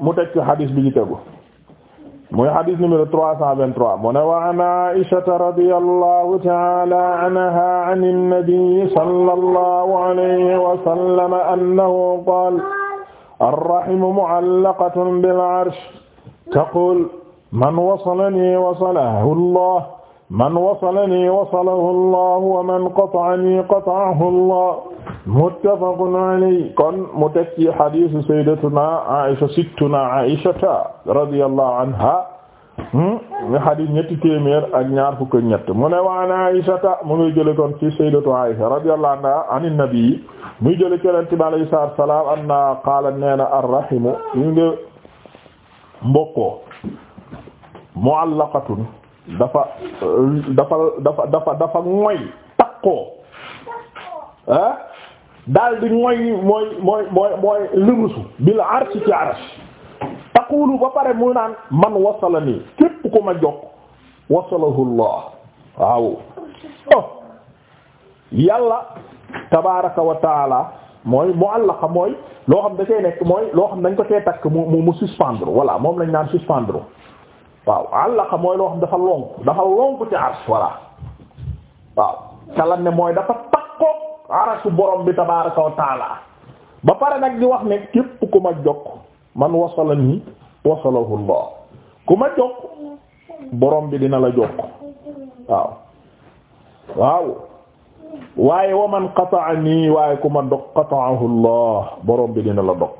mu teg ci xadis bi ci tegu muy xadis numéro 323 mu ne wa an Aisata radiyallahu ta'ala anha an an-nabi sallallahu alayhi wa sallam annahu qaala ar-rahimu mu'allaqatun bil-'arsh taqul man wasalani wasalahu Allah man wasalani wasalahu Allah wa man qata'ani qata'ahu Allah muttafaqun alayhi kon mu teg ci hadiisu sayyidatuna Aisha sittuna Aisha radiyallahu anha ñu hmm? hadiis ñetti téeméer ak ñaar fukk ak ñett mu ne waan Aisha mu ngi jële kon ci sayyidatu Aisha radiyallahu anha anin nabi muy jële ci Yonent bi alayhi salaatu wa salaam anna qaala neena ar-rahimu yi nga dafa dafa dafa dafa dafa moy takkoo ah daal di mooy mooy mooy mooy mooy lërusu bil arsi ci arsh taqulu ba pare mu naan man wasala nii képp ku ma jokk wasalahu allah waaw oh yàlla tabaraka wa taala mooy mu'allaqa mooy loo xam da nekk mooy loo xam dañ ko cee takk mu mu suspendre voilà moom lañ naan suspendre waaw àllaqa mooy loo xam dafa lonku dafa lonku ci arsh voilà waaw talan ne mooy dafa arasu borom bi tabaraka wa pare nag di wax ne képp ku ma jokk man wasala nii wasalahu Allah ku jokk borom bi dina la jokk waaw waaw waaye wa man qata'ani waaye ku ma qata'ahu Allah borom bi dina la dog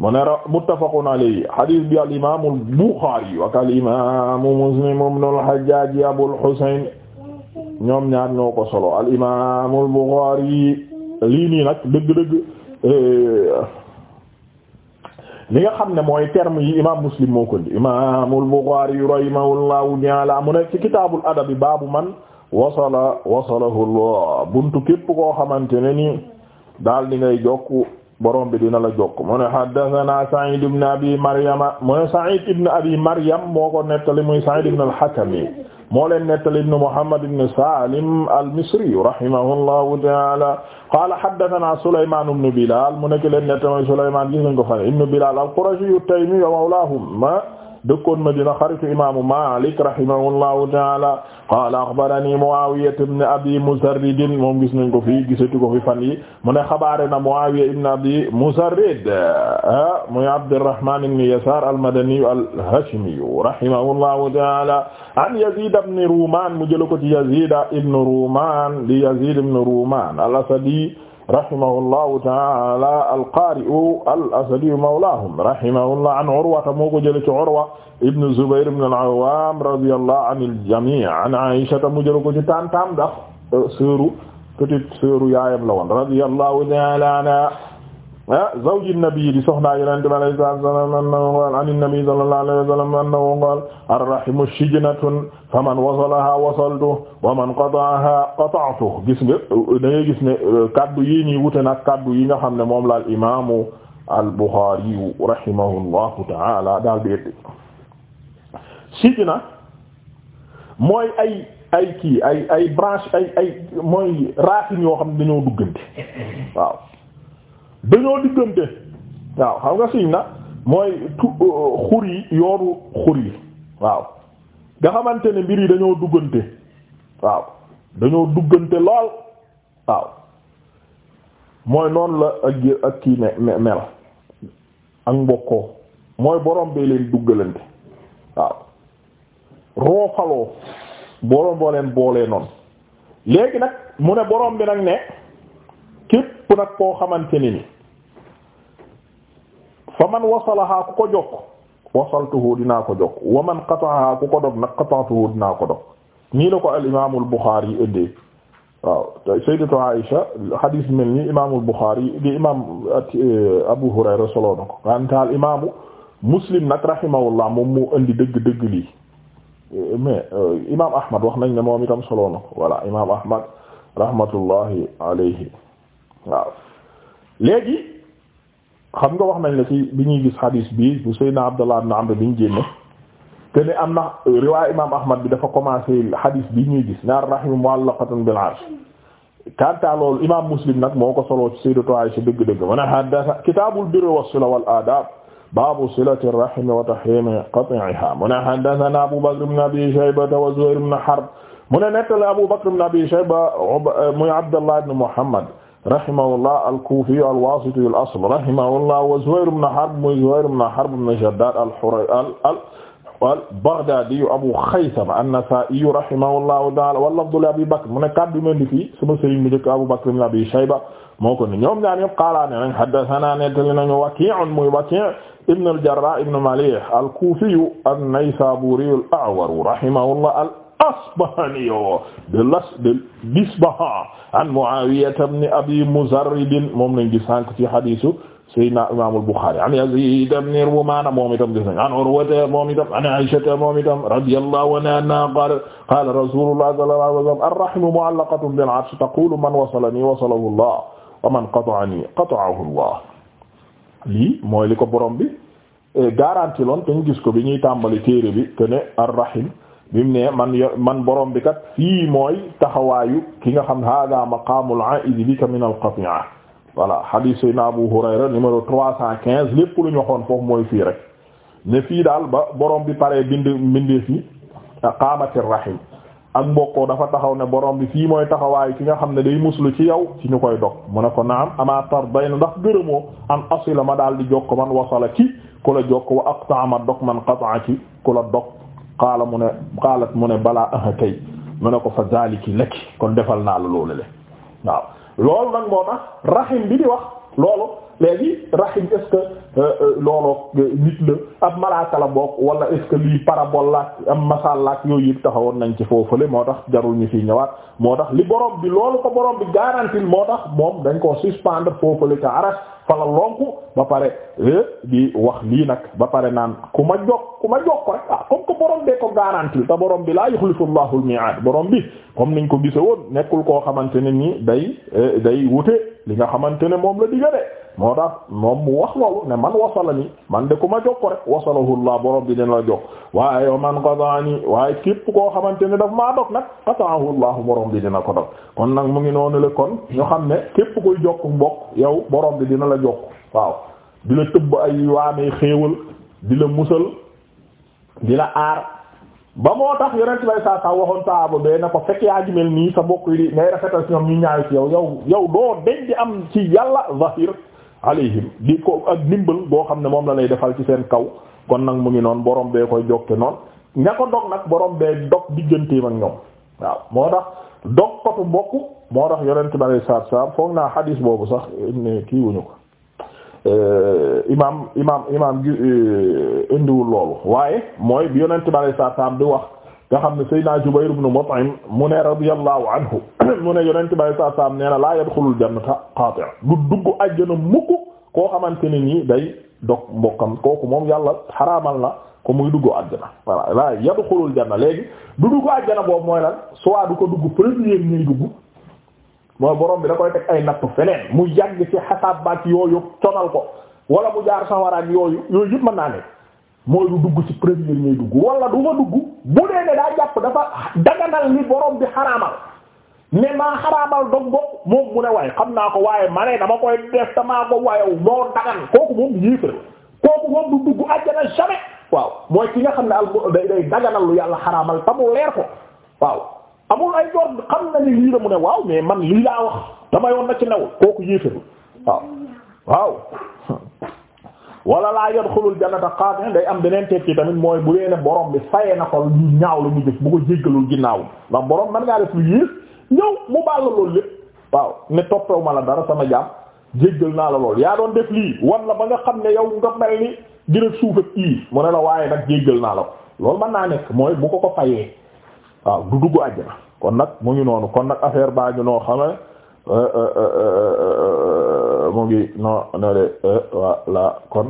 mu ne muttafaqun alayhi hadith bi al imam al Muslim ibn al Hajjaj Abul ñoom ñaar ñoo ko solo al imaam al Buxaari lii nag dëgg-dëgg eh, li nga xam ne mooy terme yi imaam Muslim moo ko indi imaam al Buxaari rahimahullahu ta'ala mu ne ci kitaabul adabi baabu man wasala wasalahu Allah buntu képp koo xamante ne ni daal di ngay jokk borom bi dina la jokk mu ne haddathana Sa'id ibn Abi Maryama mu ne Sa'id ibn Abi Maryam moo ko nettali muy Sa'id ibn al-Hakami moo leen nettali ibn Muhammad ibn Salim al-Misri rahimahullahu ta'ala qala haddathana Sulayman ibn Bilal mu nekk leen nettali mooy Sulayman gis nañ ko fan ibn Bilal al-Qurashi at-Taymi wa mawlahum dëkkoon Madina xaritu imaamu Maalik rahimahullahu taala qaala axbarani Muawiya ibn Abi Musarrid moom gis nañ ko fi gisatu ko fi fan yi mu ne xabaare na Muawiya ibn Abi Musarrid muy Abdurrahman ibn Yasaar al-Madani al-Hashimi rahimahullahu taala an Yazid ibn Ruman mu jël ko ci Yazid ibn Ruman di Yazid ibn Ruman al-Asadi rahimahullahu ta'ala al-qaari'u al-asadiyu mawlaahum rahimahullah an Urwata moo ko jëlee ci Urwa ibn Zubayr ibn al-Awwaam radiyallahu anil jamii' an Aysata mu jëlee ko ci tantam ndax euh, sœuru petite sœuru yaayam la woon radiyallahu ta'ala anha ah zawji nabi di soxnaa yonente bi alayhi salaatu wa salaam annahu qaala an nabi sallallahu alayhi wa sallam annahu qaala ar-rahimu shijnatun faman wasalaha wasaltuhu wa man qata'aha qata'tuhu gis nga da ngay gis ne euh, kaddu yii nii wute nag kaddu yi nga xam ne moom la al imaamu al Buxaari rahimahullahu ta'ala daal di ëtti shijna mooy ay ay kii ay ay branche ay ay mooy racines yoo xam ne dañoo duggante waaw dañoo diggante waaw xam nga siñ na mooy tu euh, xur yi yoonu yi waaw nga xamante ne mbir yi dañoo duggante waaw dañoo duggante lool waaw mooy noonu la ak ak kii me mel ak mbokkoo mooy borom bee leen duggalante waaw roofaloo borom boo leen boolee noonu léegi nag mu ne borom bi nag ne képp nag koo xamante ni ni fa man wasalaha ku dinaa ko jokk man qata'aha ku ko dog nag qata'tuhu dinaa ko dog nii la ko al imaamu al Buxaari yi ëddee waaw sayyidatu mel ni imaamu al Buxaari di imaam eh, Abu Hurayra soloo na ko kanta al imaamu Muslim nag rahimahullah moom moo indi dëgg-dëgg lii eh, mais eh, Ahmad wax nañ ne moom itam soloo na ko voilà imaam Ahmad rahmatullahi alayhi waaw léegi xam nga wax nañ la ci bi ñuy gis hadis bi bu Seydina Abdallah ibn Amr bi ñu génne te ne am na riwaay imam Ahmad bi dafa commencé hadis bi ñuy gis naar rahim mu'allaqatun bil arsh kanta loolu imam Muslim nag moo ko soloo ci Sayyidatu Aisha dëgg-dëgg mu ne haddatha kitaabul birri was-sila wal aadab baabu silati rahimi wa tahrimi qat'iha mu ne haddathana Abu Bakr ibn Abi Shayba wa Zuhayr ibn Harb mu ne nettali Abu Bakr ibn Abi Shayba muy Abdallah ibn Muhammad rahimahullah al-Kufi al-Wasiti al-asl rahimahullah wa Zuhayr ibn Harb muy Zuhayr ibn Harb ibn Shaddad al-Baghdadi Abu Khaythama an-Nasa'i rahimahullahu ta'ala wa lafdu li Abi Bakr mu ne kaddu mel ni fii sama sëriñ bi njëkk Abu Bakr ibn Abi Shayba moo ko ni ñoom ñaar ñëpp qaala ne nañ haddathana nettali nañu Waki' muy Waki' ibn al-Jarrah ibn Malih al-Kufi an-Naysaburi al-A'war rahimahullah al-Asbahani oh, de las de l'Isbahan an Muawiya ibn Abi Muzarrid moom lañ gis sànq ci hadiisu Sayyidina Imaam al-Bukhari an Yazid ibn Rumana moom itam gis nañ an Urwata moom itam an Aisha moom itam radiyallahu anha qaala qaala Rasulullah sallallahu alayhi wa sallam ar-rahmu mu'allaqatun bil-'arsh taqulu man wasalani wasalahu Allah wa man qata'ani qata'ahu Allah lii mooy li ko borom bi eh, garanti loon te ñu gis ko bi ñuy tàmbali téere bi te ne ar-rahim bi mu ne man man borom bi kat fii mooy taxawaayu ki nga xam ma hada maqaamul bi ka min al-qati'a voilà hadith sayna Abu Hurayra numéro trois cent quinze lépp lu ñoxoon waxoon foofu mooy fii rek ne fii daal ba borom bi paree bind bindee fi qaamatir rahim ak mbokkoo dafa taxaw ne borom bi fii mooy taxawaayu ki nga xam ne day muslu ci yow ci ñu koy dog mu ne ko naam ama tardayna ndax gërëmoo an asila ma daal di jokk man wasala ci ku la jokk wa aqta'a ma man qata'a ci ku la qaala mu ne qaalat mu ne balaa aha kay mu ne ko fa zaliki laki kon defal naa la loolu le waaw loolu nag moo tax rahim bi di wax loolu léegi rahim est-ce euh, euh, euh, nit la ab malaaka la bokk wala est-ce que lii parabole la ak am masal la yooyu yëpp taxawoon nañ ci foofule moo tax jarul ñu fi ñëwaat moo tax li boroom bi loolu ko borom bi garantil moo tax moom dañ ko suspendre foofule ca aras fa la lonku ba pare di wax lii nag ba pare naan ku ma jokk ku ma jokk rek ah comme que borom bee ko garantil te borom bi laa yuxlifu Allahu al-mi'ad borom bi comme niñ ko gise woon nekkul koo xamante ne nii day day wute. li nga xamante ne moom la digale moo tax moom mu wax loolu ne man wasala ni man de ku ma jox ko rek wasalahullah borom bi dina la jox waaye yow man qataani waaye képp koo xamante ne daf maa dog nag qataahullah borom bi dina ko dog kon nag mu ngi noonu la kon ñu xam ne képp kuy jokk mbokk yow borom bi dina la jox waaw di la tëbb ay waamee xéewal di la musal di la aar ba moo tax yonent bay saa saa waxoon saaba bee na ko fekk yaa ngi nii sa bokk yi ngay rafetal ci ñoom ñu ñaaw ci yow yow yow doo deñ di am ci yàlla zahir alayhim di ko ak ndimbal boo xam ne moom la lay defal ci seen kaw kon nag mu ngi noon borom bee koy jokke noon ña ko dog nag borom bee dog digganteem ak ñoom waaw moo tax dog kotu mbokk moo tax yonent bi alei saatu salam foog naa xadiis boobu sax ne kii ko Euh, imaam imaam imaam gi euh, indiwul loolu waaye mooy bi yonent bale saa saam di wax nga xam ne Seydina Jubayr ibn Mut'im mu ne radiyallahu anhu mu ne yonent bale saa nee na laa yadxulul jannata qaati' du dugg àjjana mukk koo xamante ni nii day dog mbokkam kooku moom yàlla xaraamal na ko muy dugg àjjana voilà laa yadxulul janna léegi du dugg àjjana boobu mooy lan soit du ko dugg premier ñuy dugg mooy borom bi da koy teg ay nattu feneen mu yàgg ci xasaab baak yooyu conal ko wala mu jaar sawaraak yooyu yooyu yëpp man naa ne mooy du dugg ci premier ñuy dugg wala du ma dugg bu dee dafa daganal ni bi xaraamal ne maa xaraamal dog bog mu ne waaye xam naa ko waaye ma ne dama koy def tamaa ko waayow moo dagan kooku moom yéefér kooku moom du dugg àjjana jamais waaw mooy ki nga xam ne al day day daganal lu yàlla xaraamal ta mu leer ko waaw amul ay jor xam na ni lii la mu ne waaw mais man lii laa wax dama yoon na ci new kooku yéeféru waaw waaw wala laa yadxulul jannata qaatin day am beneen tekki tamit mooy bu dee ne borom bi faye na ko ñaaw la mu jëf bu ko jéggalul ginnaaw ndax borom man ngaa def lu yées ñëw mu baal la loolu lépp waaw ne toppewu la dara sama jaam jéggal naa la lool yaa doon def lii wan la ba nga xam ne yow nga mel ni gën a suuf ak mu ne la waaye nag jéggal naa la ko loolu mën naa nekk mooy bu ko ko fayee waaw du dugg àjjana kon nag mu ngi noonu kon nag affaire baa ngi noo xamee euh, euh, euh, mu ngi noo ne de kon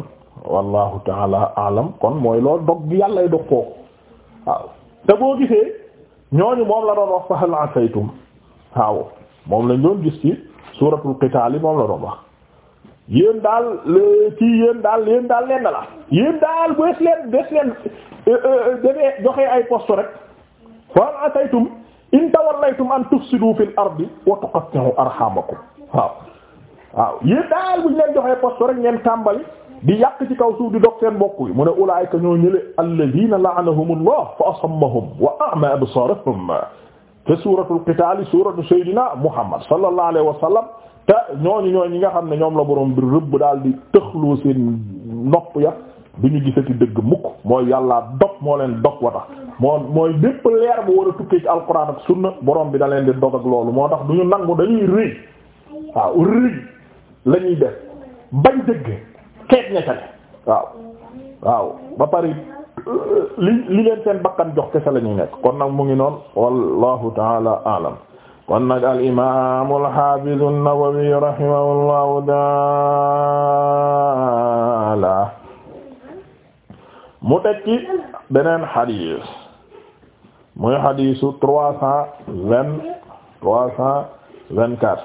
wallahu taala alam kon mooy loolu dog gi yàllay dog koo waaw te boo gisee ñooñu moom la doon wax fa hal asaytum waaw moom lañ doon gis ci suuratul qitaal moom la doon wax yéen daal kii yéen daal yéen daal lenn la yéen daal bu des leen des leen defee joxe ay poste rek fa ataytum in tawallaytum an tufsidu fil ardi wa tuqatti'u arhamakum waaw waaw yéen daal bu ñu leen joxee poste rek ngeen tàmbali di yàq ci kaw suuf di dog seen mbokk yi mu ne ulaa'ika ñoo ñële alladhiina la'anahumullahu fa asammahum wa a'ma absaarahum te suuratul qitaal suuratu sayyidina Muhammad sallallahu alayhi wa sallam te ñooñu ñooñu ñi nga xam ne ñoom la borom bi rëbb daal di tëxloo seen nopp ya du ñu gisati dëgg mukk mooy yàlla dog moo leen dog wa tax moom mooy bépp leer bu war a tukkee ci alquran ak sunna borom bi da leen di dog ak loolu moo tax du ñu nangu dañuy rëy waaw rëy la def bañ dëgg xeet ña ca waaw waaw ba pare euh, li leen seen bakkan jox kese la ñuy nekk kon nag mu ngi noon wallahu taala alam kon nag al imaamu al xaafizu an-Nawawi rahimahullahu taala mu tekki beneen xadiis muy xadiisu trois cent vingt trois cent vingt quatre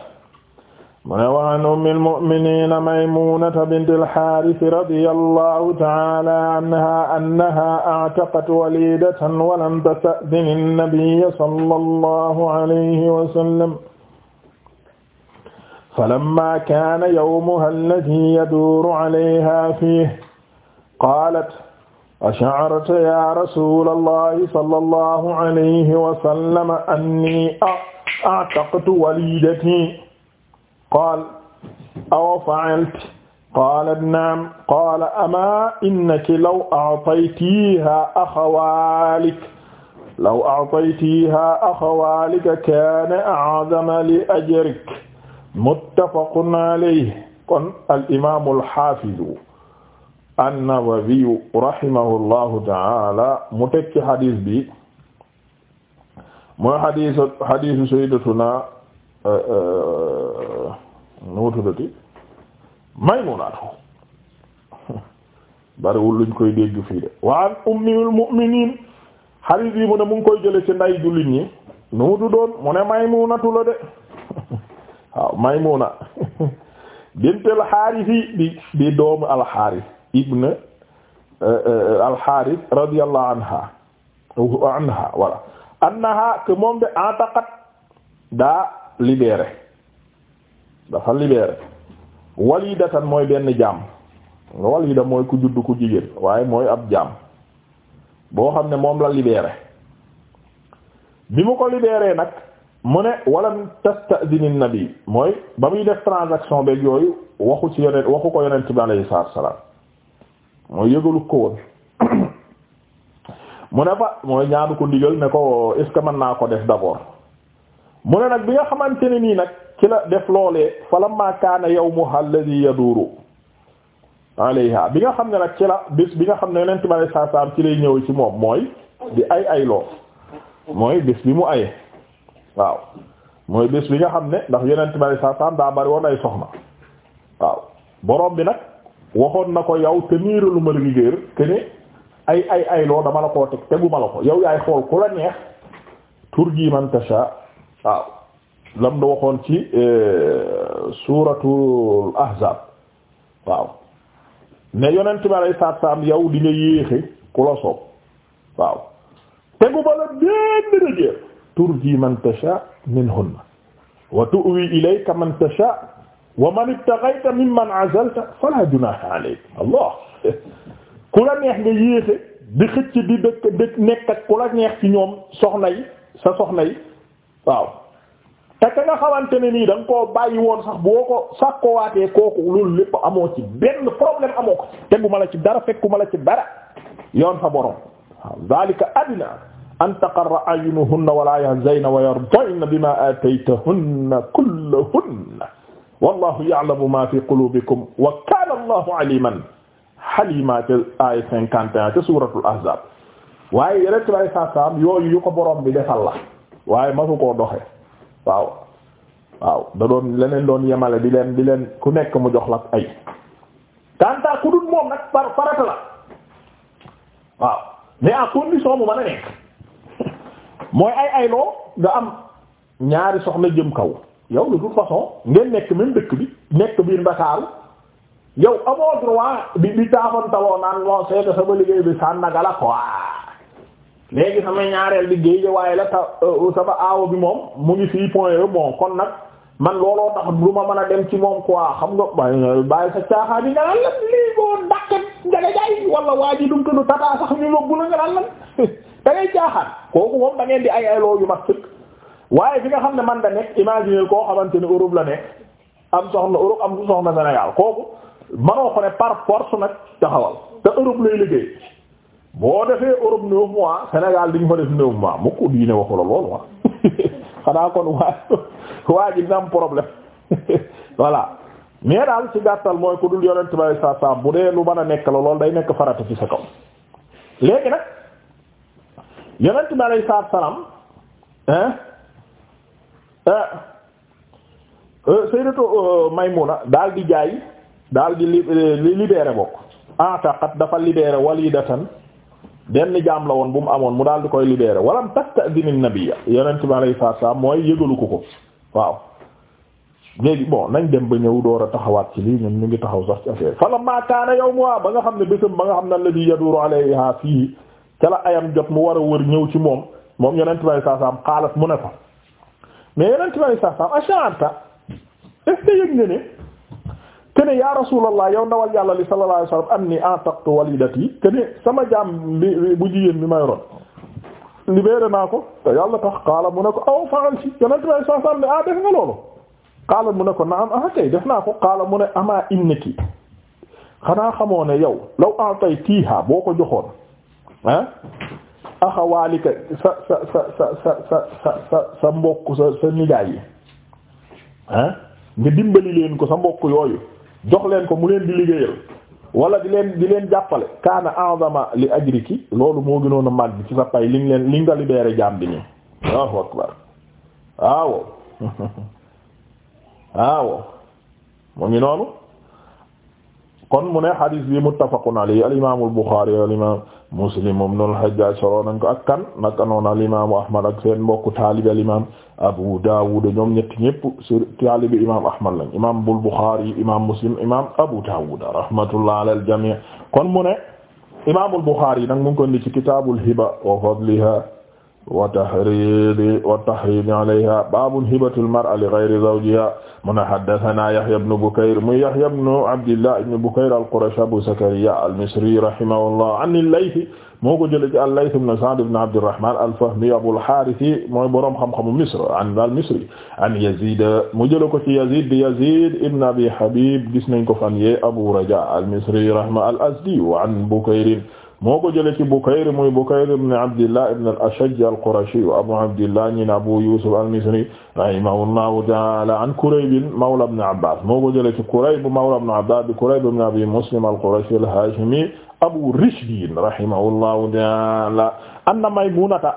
mu ne wa an ummi almuminina maymunata bint alxaaris radi allahu taala anha annaha actaqat walidatan walam tasta'din annabiya sala allahu alayhi wasallam falamma kaana yawmuha alladi yaduuru alayha fiihi qaalat ash'arta ya rasulallahi sallallahu alayhi wa sallam anni a'taqtu walidati qaala aw fa'alti qaalat na'am qaala amaa innaki law a'taytiha akhawalik law a'taytiha akhawalika kaana a'zama li ajrik muttafaqun alayhi kon al imaam al haafiz an-Nawawiyu rahimahullahu mu tekki hadis bi mooy hadis hadisu sayyidatuna uh, uh, nuutudati Maymunatu bariwul luñ koy dégg fii de wa an ummil mu'minin bi mu ne mu ngi koy jële ci nday jullit ñi nuutu doon mu ne Maymunatu la de waaw Maymuna bintul Haarisi di di doomu al ibn euh, euh, al-Harith radiyallahu anha anha voilà annaha que moom de antaqat daa libéré dafa libéré walidatan mooy benn jaam walida mooy ku judd ku jigéen waaye mooy ab jaam boo xam ne moom la libéré bi mu ko libéré nag mu ne walam tastadini nabi mooy ba muy def transaction beeg yooyu waxu ci yonent waxu ko yonent bi alayhi salaam mooy yëgalu ko woon mu ne fa mooy ñaanu ko ndigal ne ko est ce que mën naa ko def d'abord mu ne nag bi nga xamante ne nii nag ci la def loolee falamma kaana yawmuha alladhi yaduru alayha bi nga xam ne nag ci la bis bi nga xam ne yonent bi sallallahu ci lay ñëw ci moom mooy di ay ay loo mooy bis bi mu aye waaw mooy bis bi nga xam ne ndax yeneen bi sallallahu daa bari woon ay soxna waaw borom bi nag. waxoon na ko yow te niiralu ma liggéeyal que ne ay ay ay loo dama la koo teguma la ko yow yaay xool ku la neex tur gi man tasha waaw lam da waxoon ci euh, suuratul ahzab waaw ne yonent bi alay saat saam yow di nga yéexe ku la soob waaw teguma la benn rëjéer tur gi man tasha minhunna wa tu'wi ilayka man tasha wa man ibtaghayta mimman azalta fala junaha alayk allah ku la neex nga yéexe di xëcc di dëkk dëkk nekk ak ku la neex ci ñoom soxna yi sa soxna yi waaw te ka nga xamante ne nii da nga koo bàyyi woon sax boo ko sax ko waatee kooku loolu lépp amoo ci benn problème amoo ko teguma la ci dara fekkuma la ci dara yoon fa borom waaw zalika adna an taqarra ayunuhunna wala yahzayna wa yardayna bima ataytahunna kullahunna wallahu ya'lamu ma fi qulubikum wa kana allahu aliman halima ca cinquante et un ca suratul ahzab waaye yonent bi saa saam yooyu yu borom bi defal la waaye masu koo doxe waaw waaw da doon yemale di leen di leen ku nekk mu jox la ay kanta ku dul moom nag par waaw mais à condition mu mën a nekk mooy ay ay loo nga am ñaari soxna jëm kaw yow de toute façon ngeen nekk même dëkk bi nekk biir Ndakaaru yow amoo droit bi bi taafantaloo naan non c'est sama liggéey bi Sandaga la quoi léegi sama ñaareel bi géej waaye la ta euh, sama aawo bi moom mu ngi fii point e bon kon nag man looloo tax du ma mën a dem ci moom quoi xam nga euh, bàyyi sa caaxaan bi nga naan lan lii boo ndàkkee njaga jaay waa ji dum tudd tata sax ñu yóbbu la nga naan lan da ngay kooku moom da di ay ay waaye fi nga xam ne man da nekk imaginer koo xamante ne Europe la nekk am soxna Europe am du soxna Sénégal kooku manoo ko ne par force nag taxawal te Europe lay liggéey boo defee Europe neuf mois Sénégal di ñu fa def neuf mois mu ko diine waxu la loolu wax xanaa kon waa waa ji dina problème voilà mais daal ci gàttal mooy ku dul yonent bay sa sa bu dee lu mën a nekk la loolu day nekk farata ci sa kaw léegi nag yonent bi alay salaam Ah. Euh, sayyidatu euh, Maymuna daal di jaay daal di libéré bokk ataqat dafa libéré walidatan benn jaam la woon bu mu amoon mu daal di koy libéré walam tasta'din an-nabiyya yonent bi alayhi salaam mooy yëgalu ko ko waaw léegi bon nañ dem ba ñëw door a taxawaat ci lii ñun ñu ngi taxaw sax ci affaire falamma kaana yawmuha ba nga xam ne bésam ba nga xam ne alladhi yaduru alayha fii ca la ayam jot mu war a wër ñëw ci moom moom yonent bi alayhi salaam xaalat mu ne fa mais yeneen ci may sax sax ash'arta est ce que yëg nga ne que ne yaa rasulallah yow ndawal yàlla li sallallahu alayhi wasallam anni ataqtu walidati que ne sama jaam bi bu jigéen bi may ron libéré naa ko te yàlla tax xaala mu ne ko aw faral si yeneen ci may sax sax ne ah def nga loolu xaala mu ne ko naam ah kay def naa ko xaala mu ne amaa innaki xanaa xamoo ne yow law a'taytiha boo ko joxoon ah. axawaalika sa sa sa sa sa sa sa sa sa mbokk sa sa nijaay yi ah nga dimbali leen ko sa mbokk yooyu jox leen ko mu leen di liggéeyal wala di leen di leen jàppale kaana a'zama li ajriki loolu moo gënoon a màgg ci sa pay li nga leen li nga libéré jaam bi nii Allahu akbar waaw waaw mu ngi noonu kon mu ne xadis bi muttafaqun alayhi al imam al bukhari al imam muslim ibn al hajjaj solo nañ ko ak kan naka noonu al imam ahmad ak seen mbokku taalibi al imam abu dawud ñoom ñetti ñëpp sur taalibi imam ahmad lañ imam bul bukhari imam muslim imam abu dawud rahmatullah ala al jami' kon mu ne imam al bukhari nag mu ngi ko ndi ci kitabul hiba wa fadliha wa tahridi wa tahrimi alayha babun hibatul mar'a li ghayri zawjiha mun haddathana yahya ibn bukayr mu yahya ibn abdillah ibn bukayr al-qurashi abu zakariya al-misri rahimahullah an al-layth moo ko jëlee ci al-layth ibn sa'd ibn abdurrahman al-fahmi abul harith mooy boroom xam-xamu misr an al-misri an yazid mu jëlee ko ci yazid di yazid ibn abi habib gis nañ ko fan yee abu raja al-misri rahma al-azdi wa an bukayr moo ko jëlee ci Bukayr muy Bukayr ibn Abdillah ibn al-Ashajj al-Qurashi Abu Abdillah ñi Abu Yusuf al-Misri rahimahullahu ta'ala an Kurayb mawla ibn moo ko jëlee ci Kurayb mawla ibn Abbas bi Kurayb ibn Abi Muslim al-Qurashi al-Hashimi Abu Rishdin rahimahullahu ta'ala anna Maymunata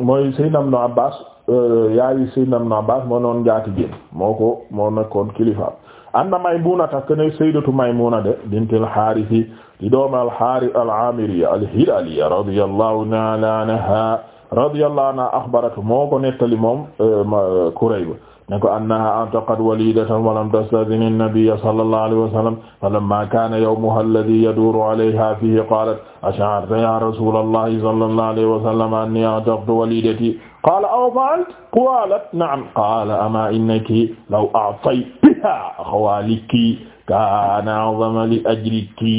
mooy Sayyidina ibn Abbas euh, yaayu Sayyidina ibn Abbas moo noon jaati jéem moo ko moo nekkoon kilifa anna Maymunata kaana Sayyidatu Maymuna de bintul Harith di doomi alxaaris alaamiriya alhilaliya radiyallahu taala anha radiyallahu anha axbarat moo ko nettali moom eh, Kurayb ne ko annaha antaqat walidatan walam tastadin annabiyya sallallahu alayhi wa sallam falamma kaana yawmuha alladhi yaduru alayha fihi qalat ash'arta ya rasulallahi sallallahu alayhi wa sallam anni antaqtu walidati qaala aw fa'alt qalat na'am qaala ama innaki law a'taytiha khawaliki kana 'azama li ajriki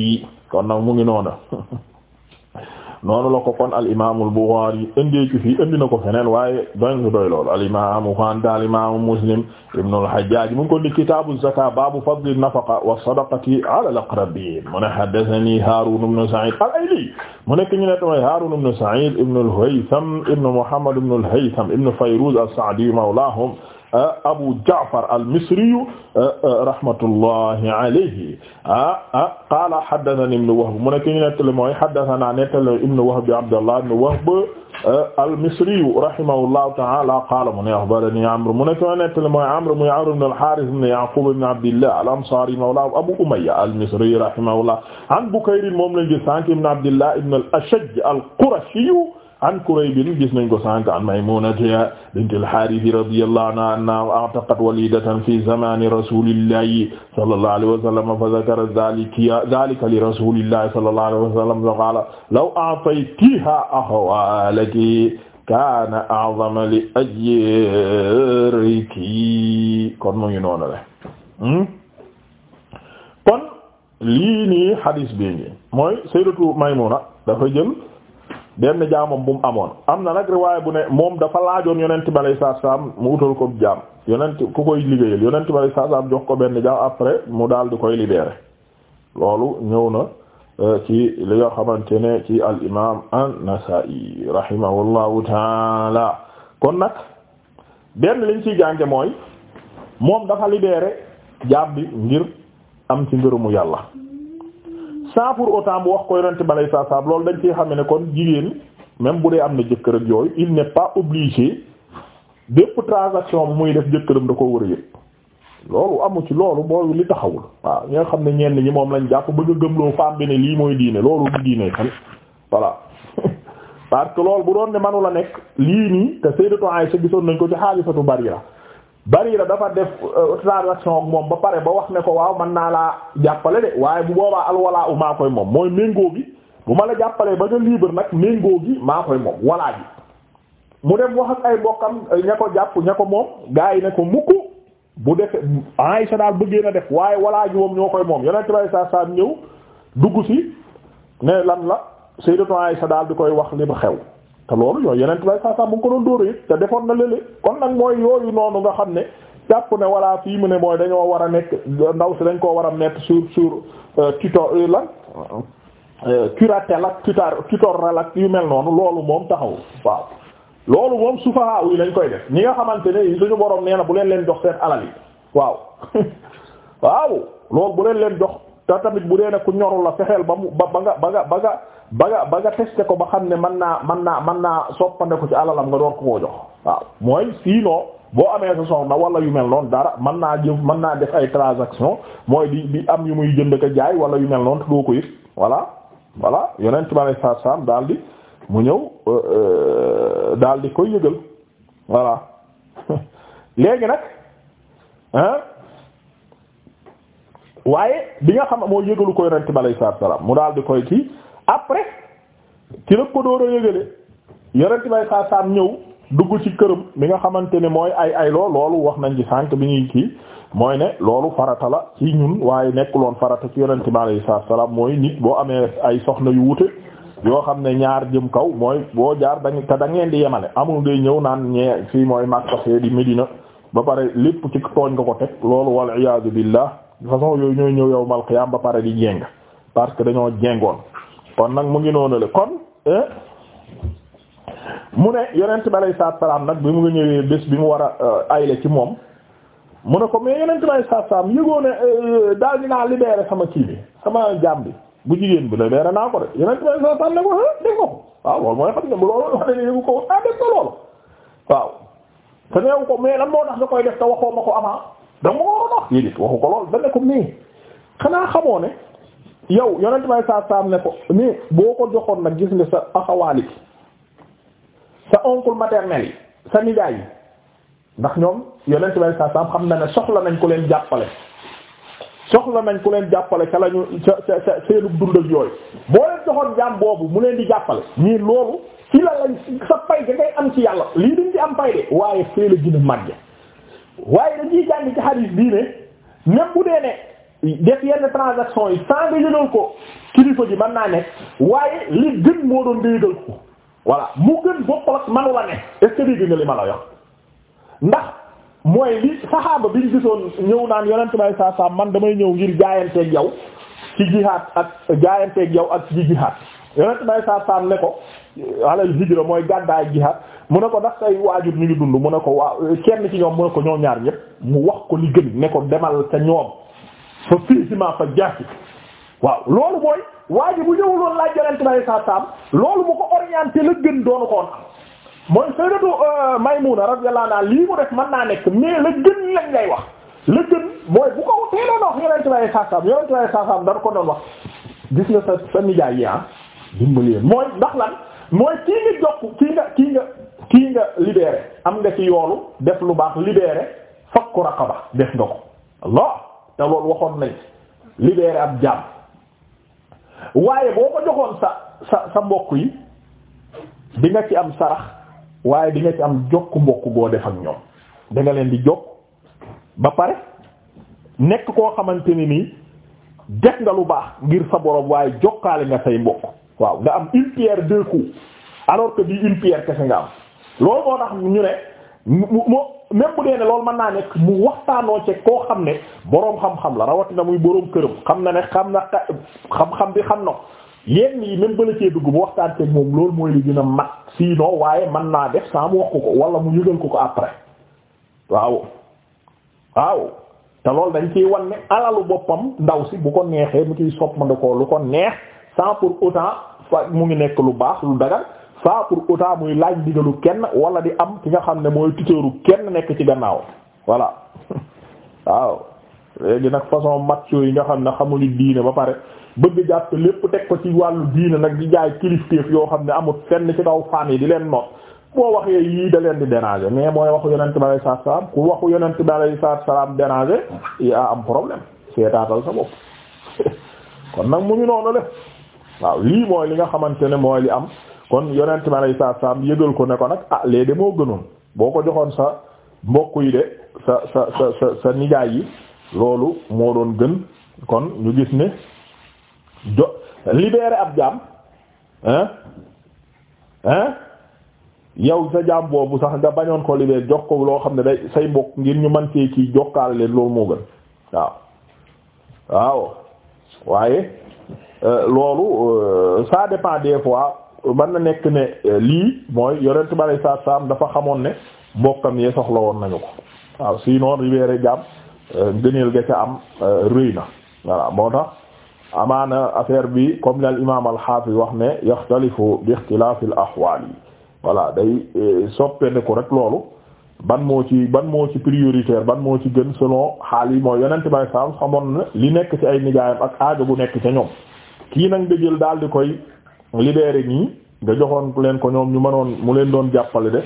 kon nag mu ngi noonu noonu la ko kon al imaamul Buxaari indi ci fi indi na ko feneen waaye doon ñu doy lool al imaamu Kaanta al imaamu Muslim ibnul Hajjaaj mu ngi ko di kitaabu zakaat baabu fadli nafaqa wa sadaqati ala al aqrabiin mu ne haddasanii Haaruun ibnu Sa'iid al-Ayli mu nekk ñu ne tamit Haaruun ibnu Sa'iid ibnul Haytham ibnu Muhammad ibnul Haytham ibnu Fayruuz as-Sa'di mawlaahum Ah, Abu Ja'far al-Misri ah, ah, rahmatullahi alayhi ah ah qaala haddathani ibn Wahb mu nekk ñu nettali mooy haddathana nettali ibn Wahb Abdullah ibn Wahb al-Misri rahimahullahu ta'ala qaala mu ne akhbarani Amr mu nekk ñu nettali mooy Amr muy Amr ibn al-Harith ibn Ya'qub ibn Abdillah al-Ansari mawla Abu Umayya al-Misri rahimahullah an Bukayr moom lañu gis sànq ibn Abdillah ibn al-Ashajj al-Qurashi an Kurayb gis nañ ko sànq an Maymuna bint al-Harith radiyallahu anha annaha a'taqat walidatan fi zamani rasulillahi sallallahu alayhi wa sallam fa dhakara dhalika dhalika li rasulillahi sallallahu alayhi wa sallam fa qala law a'taytiha akhawalaki kana a'zama li ajriki kon mu ngi noonu la hmm? kon lii nii hadis bi nii mooy Sayyidatu Maymuna dafa jël benn jaamam bu mu amoon am na nag riwaay bu ne moom dafa laajoon yonent bi alayhi salaam mu utal ko jaam yonent ku koy liggéeyal yonent bi alayhi salaam jox ko benn jaam après mu daal di koy libéré loolu ñëw na euh, ci li nga xamante ne ci al imaam an-Nasaa'i rahimahullahu taala kon nag benn liñ ciy jànge mooy moom dafa libéré jaam bi ngir am ci ngërëmu yàlla sans pour autant bu wax ko yonent bi alayhi salaam loolu dañ ciy xam ne kon jigéen même bu dee am na jëkkër ak yooyu il n'est pas obligé bépp transaction bu muy def jëkkëram da ko war a yëg loolu amu ci loolu booy li taxawul waaw ñi nga xam ne ñenn ñi moom lañ jàpp bëgg a gëmloo femme bi ne lii mooy diine loolu du diine xel voilà parce que loolu bu doon ne manu la nekk lii nii te Sayyidatu Aisha gisoon nañ ko ci Haalifatu Barira Barira dafa def euh, transaction moom ba pare ba wax ne ko waaw man naa laa jàppale de waaye bu boobaa alwalaa u maa koy moom mooy méngoo gi bu ma la jàppalee ba nga libre nag méngoo gi maa koy moom walaa ji mu dem wax ak ay bokkam ña ko jàpp ña ko moom gaa yi ne ko mukk bu defe Aysa daal bëggee na def waaye walaa ji moom ñoo koy moom yonent bay saa saa ñëw dugg si ne lan la Sayyidatu Aysa daal di koy wax li xew te loolu yooyu yeneen tubaab saa saa mu ngi ko doon te defoon na léeg kon nag mooy yooyu noonu nga xam ne jàpp ne voilà fii mu ne mooy dañoo war a nekk ndaw si dañ koo war a mettre sur sur euh, tuto euh, lan euh, curatelle ak tutar tutorat ak yu mel noonu loolu moom taxaw waaw. loolu moom sufaha yi lañ koy def ñi nga xamante ne suñu borom nee na bu leen leen jox seen alal yi waaw waaw loolu bu leen leen jox. te tamit bu dee nag ku ñorul la fexeel ba mu ba ba nga ba nga ba nga ba nga ba ko ba xam ne man naa man naa mën naa soppande ko ci alalam nga door ko koo jox waaw mooy sinon boo amee sa soxna wala yu mel noonu dara man naa jëf mën naa def ay transaction mooy di di am yu muy jënd ko jaay wala yu mel noonu te doo ko yëg voilà voilà yonent bi alayhi salaatu salaam daal di mu ñëw euh, euh, daal di koy yëgal voilà léegi nag hein waaye bi nga xam moo yëgalu ko yonent bi alayhi salaatu salaam mu daal di koy kii après ci la ko door a yëgale yonent bi salaam ñëw dugg ci këram bi nga xamante ne mooy ay ay loolu wax nañ ci sànq bi ñuy kii mooy ne loolu farata la ci ñun waaye nekkuloon farata ci yonent bi alayhi salaatu salaam mooy nit boo amee ay soxna yu wute yoo xam ne ñaar jëm kaw mooy boo jaar dañ te da ngeen di yemale amul ngay ñëw naan ñee fii mooy Makka fee di Medina ba pare lépp ci tooñ ko teg loolu wal iyaadu façon yooyu ñooy ñëw yow mal ba pare di jéng parce que dañoo jéngoon kon nag mu ngi noonu la kon eh, mu ne yonent bi alayhi salaatu salaam nag bi mu ngi ñëwee bés bi mu war a eh, ayle ci moom mu ne ko mais yonent bi alayhi salaatu salaam yëgoo ne eh, daal dinaa libéré sama kii bi sama jaam bi bu jigéen bi libéré naa ko de yonent bi alayhi salaam ne ko def nga ko waaw loolu mooy xam ne bu loolu ah, moo tax nga koy def te waxoo ma ko avant dama ko waroon ko lool da ne ko mais xanaa xamoo ne yow yonent may saa saam ne ko mais boo ko joxoon nag gis nga sa axawaali bi sa oncle maternel yi sa nijaay yi ndax ñoom yonent may saa saam xam na ne soxla nañ ko leen jàppale soxla nañ ku leen jàppale ca lañu ca ca ca seenub dundal yooyu boo leen joxoon jaam boobu mu leen di jàppale ñii loolu ci la lañ sa pay da am ci yàlla lii dañ ci am pay de waaye fee la gën a waaye dañ ciy jàng ci hadith bii ne même bu dee ne def yenn transaction yi sans nga ko kilifa ji man naa ne waaye li gën moo doon nga ko voilà mu gën bokkul ak manu la ne est ce que dégg li ma la wax ndax mooy li saxaaba bi ñu gisoon ñëw naan yonent saa saa man damay ñëw ngir jaayanteeg yow ci jihaat ak jaayanteeg yow ak ci jihaat yonent saa saa ne ko alal hijra mooy gàddaay jihaad mu ne ko ndax say waajur ñu ngi dund mu ne ko waa kenn ci ñoom mu ne ko ñoom ñaar ñëpp mu wax ko li gën ne ko demal ca ñoom fa fiisiment fa jaasi waaw loolu mooy waa ji bu ñëwul woon laaj yonent bi saa saam loolu mu ko orienté la gën doonu ko woon mooy sayyidatu euh, Maymuna radiyallahu anha lii mu def mën naa nekk mais la gën lañ lay wax la gën mooy bu ko teeloon wax yonent bi saa saam yonent bi saa ko doon wax gis nga sa sa mooy kii nga jokk kii nga kii nga kii nga libéré am nga ci yoolu def lu baax libéré fakku raqaba def nga ko Allah te loolu waxoon nañ libéré ab jaam waaye boo ko joxoon sa sa sa mbokk yi dinga ci am sarax waaye dinga ci am jokk mbokk boo def ak ñoom danga leen di jokk ba pare nekk koo xamante ni nii def nga lu baax ngir sa borom waaye jokkaale nga say mbokk waaw nga am une pierre deux coups alors que bii une pierre kese nga am loolu moo tax ñu ne mu mu même bu dee ne loolu mën naa nekk mu waxtaanoo ci koo xam ne boroom xam-xam la rawatina muy boroom këram xam na ne xam na xam bi xam na yenn yi même bala cee dugg bu waxtaan ceeg moom loolu mooy li gën mat sinon waaye man naa def saa wax ko ko wala mu yëgal ko ko après waaw waaw te loolu dañ ciy wan ne alalu boppam ndaw si bu ko neexee mu ciy soppandikoo lu ko neex sans fa mu ngi nekk lu baax lu dagal saa pour autant muy laaj digalu kenn wala di am ki nga xam ne mooy tuteuru kenn nekk ci gannaaw voilà waaw léegi nag façon match yi nga xam ne xamuñu diine ba pare bëgg jàpp lépp teg ko ci wàllu diine nag di jaay kilifteef yoo xam ne amul fenn ci kaw fan yi di leen noot moo waxee yii da leen di déranger mais mooy waxu yonent bi alayhi salaatu salaam ku waxu yonent bi alayhi salaatu salaam déranger yaa am problème seetaatal sa bopp kon nag mu waaw lii mooy li nga xamante ne mooy li am kon yonent ma lay saa saam yëgal ko ne ko nag ah léegi de moo gënoon boo ko joxoon sa mbokk yi de sa sa sa nijaay yi loolu moo doon gën kon ñu gis ne jo libéré ab jaam hein yow sa jaam boobu sax nga bañoon ko libéré jox ko loo xam ne day say mbokk ngir ñu mën cee kii jokkaale leen loolu moo gën waaw waaw waaye Euh, loolu euh, ça dépend des fois mën na nekk ne euh, lii mooy yonent bi alay salaatu dafa xamoon ne mbokkam yee soxla woon nañu ko waaw sinon ribeere jàmm gëneel ga ca am rëy na voilà moo tax amaana affaire bi comme al imaam al wax ne yaxtalifu bi ixtilaafi axwaal yi voilà day soppeeku rek loolu ban moo ci ban moo ci prioritaire ban moo ci gën selon xaal yi mooy yonent bay saam xamoon na li nekk ci ay nijaayam ak aajo bu nekk ca ñoom kii nag nga jël daal di koy libéré nii nga joxoon leen ko ñoom ñu mënoon mu leen doon jàppale de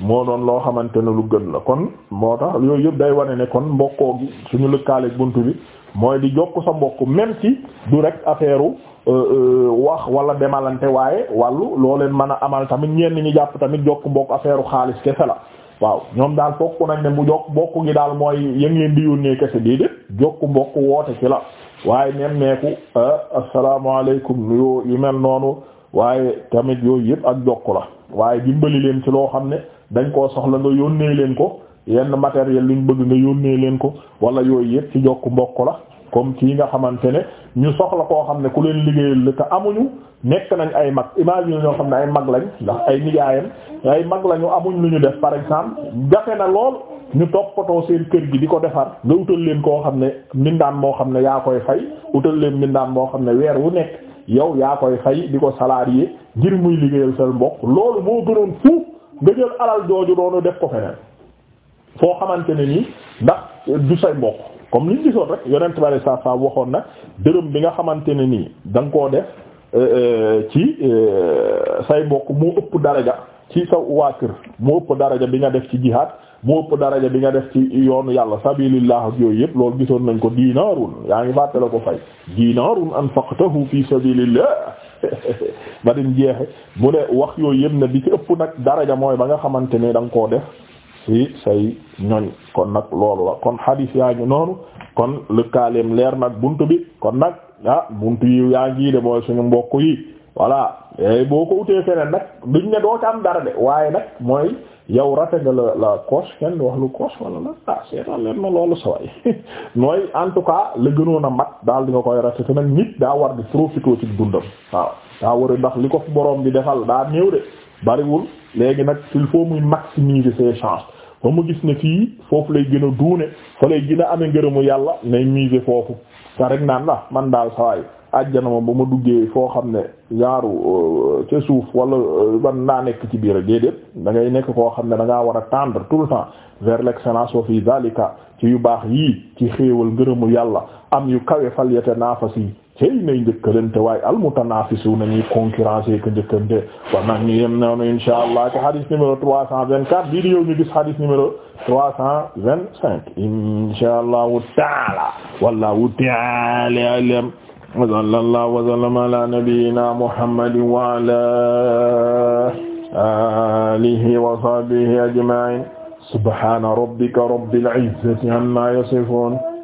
moo doon loo xamante ne lu gën la kon moo tax yooyu yëpp day wane ne kon mbokkoo gi suñu lëkkaaleeg bunt bi mooy di jokk sa mbokk même ci du rek affaire euh, euh, wax wala demalante waaye wàllu loo leen mën a amal tamit ñenn ñi jàpp tamit jokk mbokk affaire xaalis kese la waaw ñoom daal fokk nañ ne mu jokk bokk gi daal mooy yëngi leen di yónnee kese déedéet jokk mbokk woote ci la waaye nem neeku ah, asalaamaaleykum yoo yu mel noonu waaye tamit yooyu yëpp ak jokk la waaye dimbali leen ci loo xam ne dañ koo soxla nga yónnee leen ko yenn matériel luñ bëgg nga yónnee leen ko wala yooyu yëpp ci jokk mbokk la comme kii nga xamante ne ñu soxla koo xam ne ku leen liggéeyal la te amuñu nekk nañ ay mag imagine ñoo xam ne ay mag lañ ndax ay nijaayam ay mag lañu amuñ lu ñu def par exemple jafe na lool ñu toppatoo seen kër gi di ko defar nga utal leen koo xam ne mbindaan moo xam ne yaa koy fay utal leen mbindaan moo xam ne weer wu nekk yow yaa koy fay di ko salarié ngir muy liggéeyal seen mbokk loolu moo gënoon fuuf nga jël alal jooju doonu def ko feneen foo xamante ne nii ndax du say mbokk comme liñ gisoon rek yonent bari saa saa waxoon na dërëm bi nga xamante ne nii da koo def Euh, euh, ci euh, say bokk mu ëpp daraja ci sa waa kër moo ëpp daraja bi nga def ci jihaad moo ëpp daraja bi nga def ci yoonu yàlla sabilillah ak yooyu yëpp loolu gisoon nañ ko diinaarun yaa ngi fàttale ko fay diinaarun anfaqtahu fi sabilillah ba dim jeexe mu ne wax yooyu yëpp ne bi ci ëpp nag daraja mooy ba nga xamante ne danga ko koo def ci say ñoñ kon nag loolu la kon hadis yaa ngi noonu kon lëkkaaleem leer nag buntu bi kon nag ah buntu yiw yaa ngi de mooy suñu mbokk yi voilà eh, boo ko utee feneen nag duñ ne doo ci am dara de waaye nag mooy yow rate nga la la koos kenn du wax lu koos wala la ah seetal leen ma loolu saway mooy en tout cas la gënoon a mat daal di nga koy rate te nag nit daa war di profité ci dundam waaw daa war ndax li ko boroom bi defal daa néew de bariwul léegi nag fil faut muy maximiser ses chances ba ma gis ne fii foofu lay gën a duune fa lay gën a amee ngërëmu yàlla nay mise foofu te rek naan la man daal sawaay ajjana ma ba ma duggee foo xam ne yaaru euh, ca suuf wala ban euh, naa nekk ci biir déedéet da ngay nekk koo xam ne da ngaa war a tendre tout le temps vers l'excellence wa fi zalika ci yu baax yii ci xéewal ngërëmu yàlla am yu kawe falyate naafas si xëy nay njëkkalante waaye almutanafisu nañuy concurrence que njëkkante kon nag ñu yem noonu insha allah ci hadith numéro trois cent vingt-quatre bii di yow ñu gis hadith numéro trois cent vingt-cinq insha allahu taala wallahu taala alam wa sallallahu wa sallama ala nabiyyina muhammadin wa ala alihi wa sahbihi ajma'in subhana rabbika rabbil izzati amma yasifun